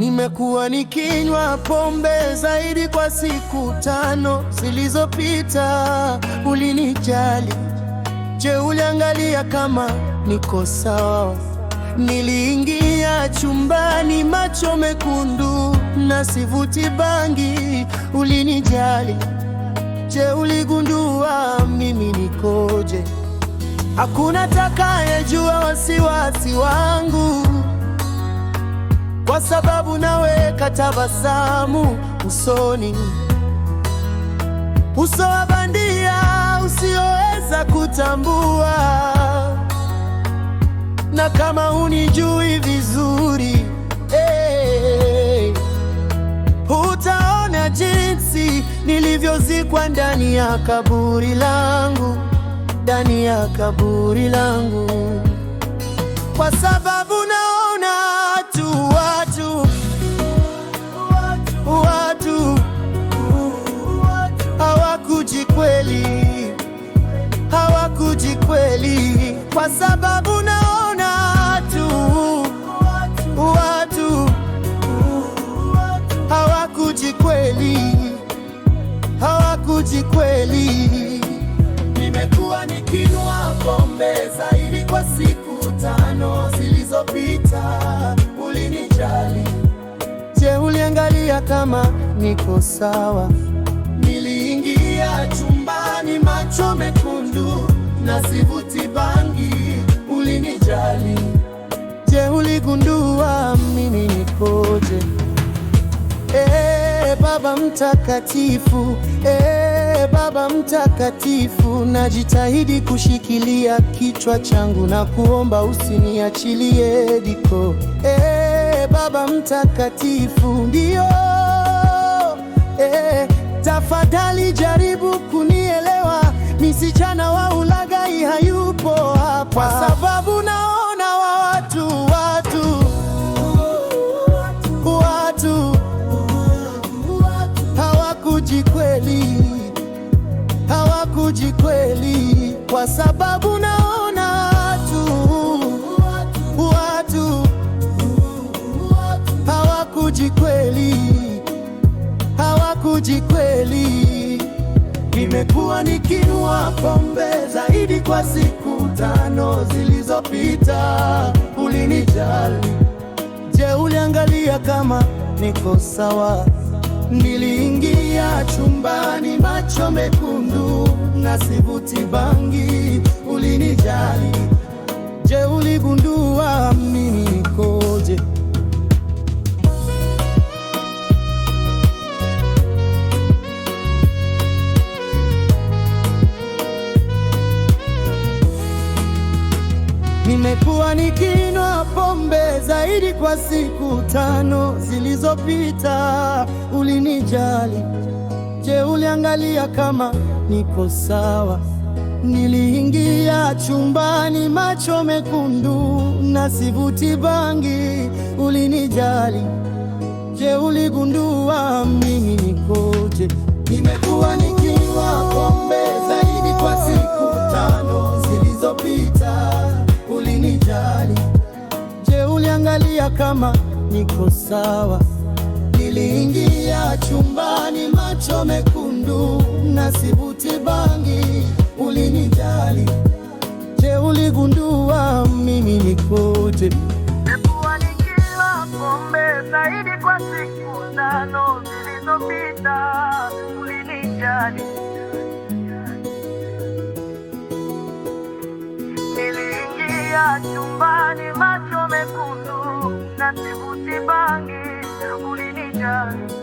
Nimekuwa nikinywa pombe zaidi kwa siku tano zilizopita. Ulinijali? Je, uliangalia kama niko sawa? Niliingia chumbani macho mekundu na sivuti bangi. Ulinijali? Je, uligundua mimi nikoje? Hakuna takayejua wasiwasi wangu kwa sababu naweka tabasamu usoni, uso wa bandia usioweza kutambua. Na kama hunijui vizuri hey, eh, utaona jinsi nilivyozikwa ndani ya kaburi langu, ndani ya kaburi langu kwa sababu kwa siku tano zilizopita ulinijali. Je, uliangalia kama niko sawa? Niliingia chumbani macho mekundu na sivuti bangi, ulinijali. Je, uligundua mimi nikoje? Eh, Baba Mtakatifu e wewe Baba Mtakatifu, najitahidi kushikilia kichwa changu na kuomba usiniachilie diko. E, Baba Mtakatifu, ndio e, tafadhali jaribu kunielewa msuji kweli, kwa sababu naona watu watu hawakuji kweli, hawakuji kweli. Nimekuwa nikinywa pombe zaidi kwa siku tano zilizopita, ulinijali. Je, uliangalia kama niko sawa? Niliingia chumbani macho mekundu na sivuti bangi. Ulinijali, je, uligundua mimi nikoje? Nimekuwa nikinywa pombe zaidi kwa siku tano zilizopita. Ulinijali Je, uliangalia kama niko sawa? Niliingia chumbani macho mekundu na sivuti bangi, ulinijali. Je, uligundua mimi nikoje? Nimekuwa nikinywa pombe zaidi kwa siku tano zilizopita, ulinijali. Je, uliangalia kama niko sawa? Niliingia chumbani, macho mekundu na sibuti bangi. Ulinijali? Je, uligundua mimi nikoje? Nilikuwa pombe zaidi kwa siku tano zilizopita. Ulinijali? Niliingia chumbani, macho mekundu na sivuti bangi. sunshine.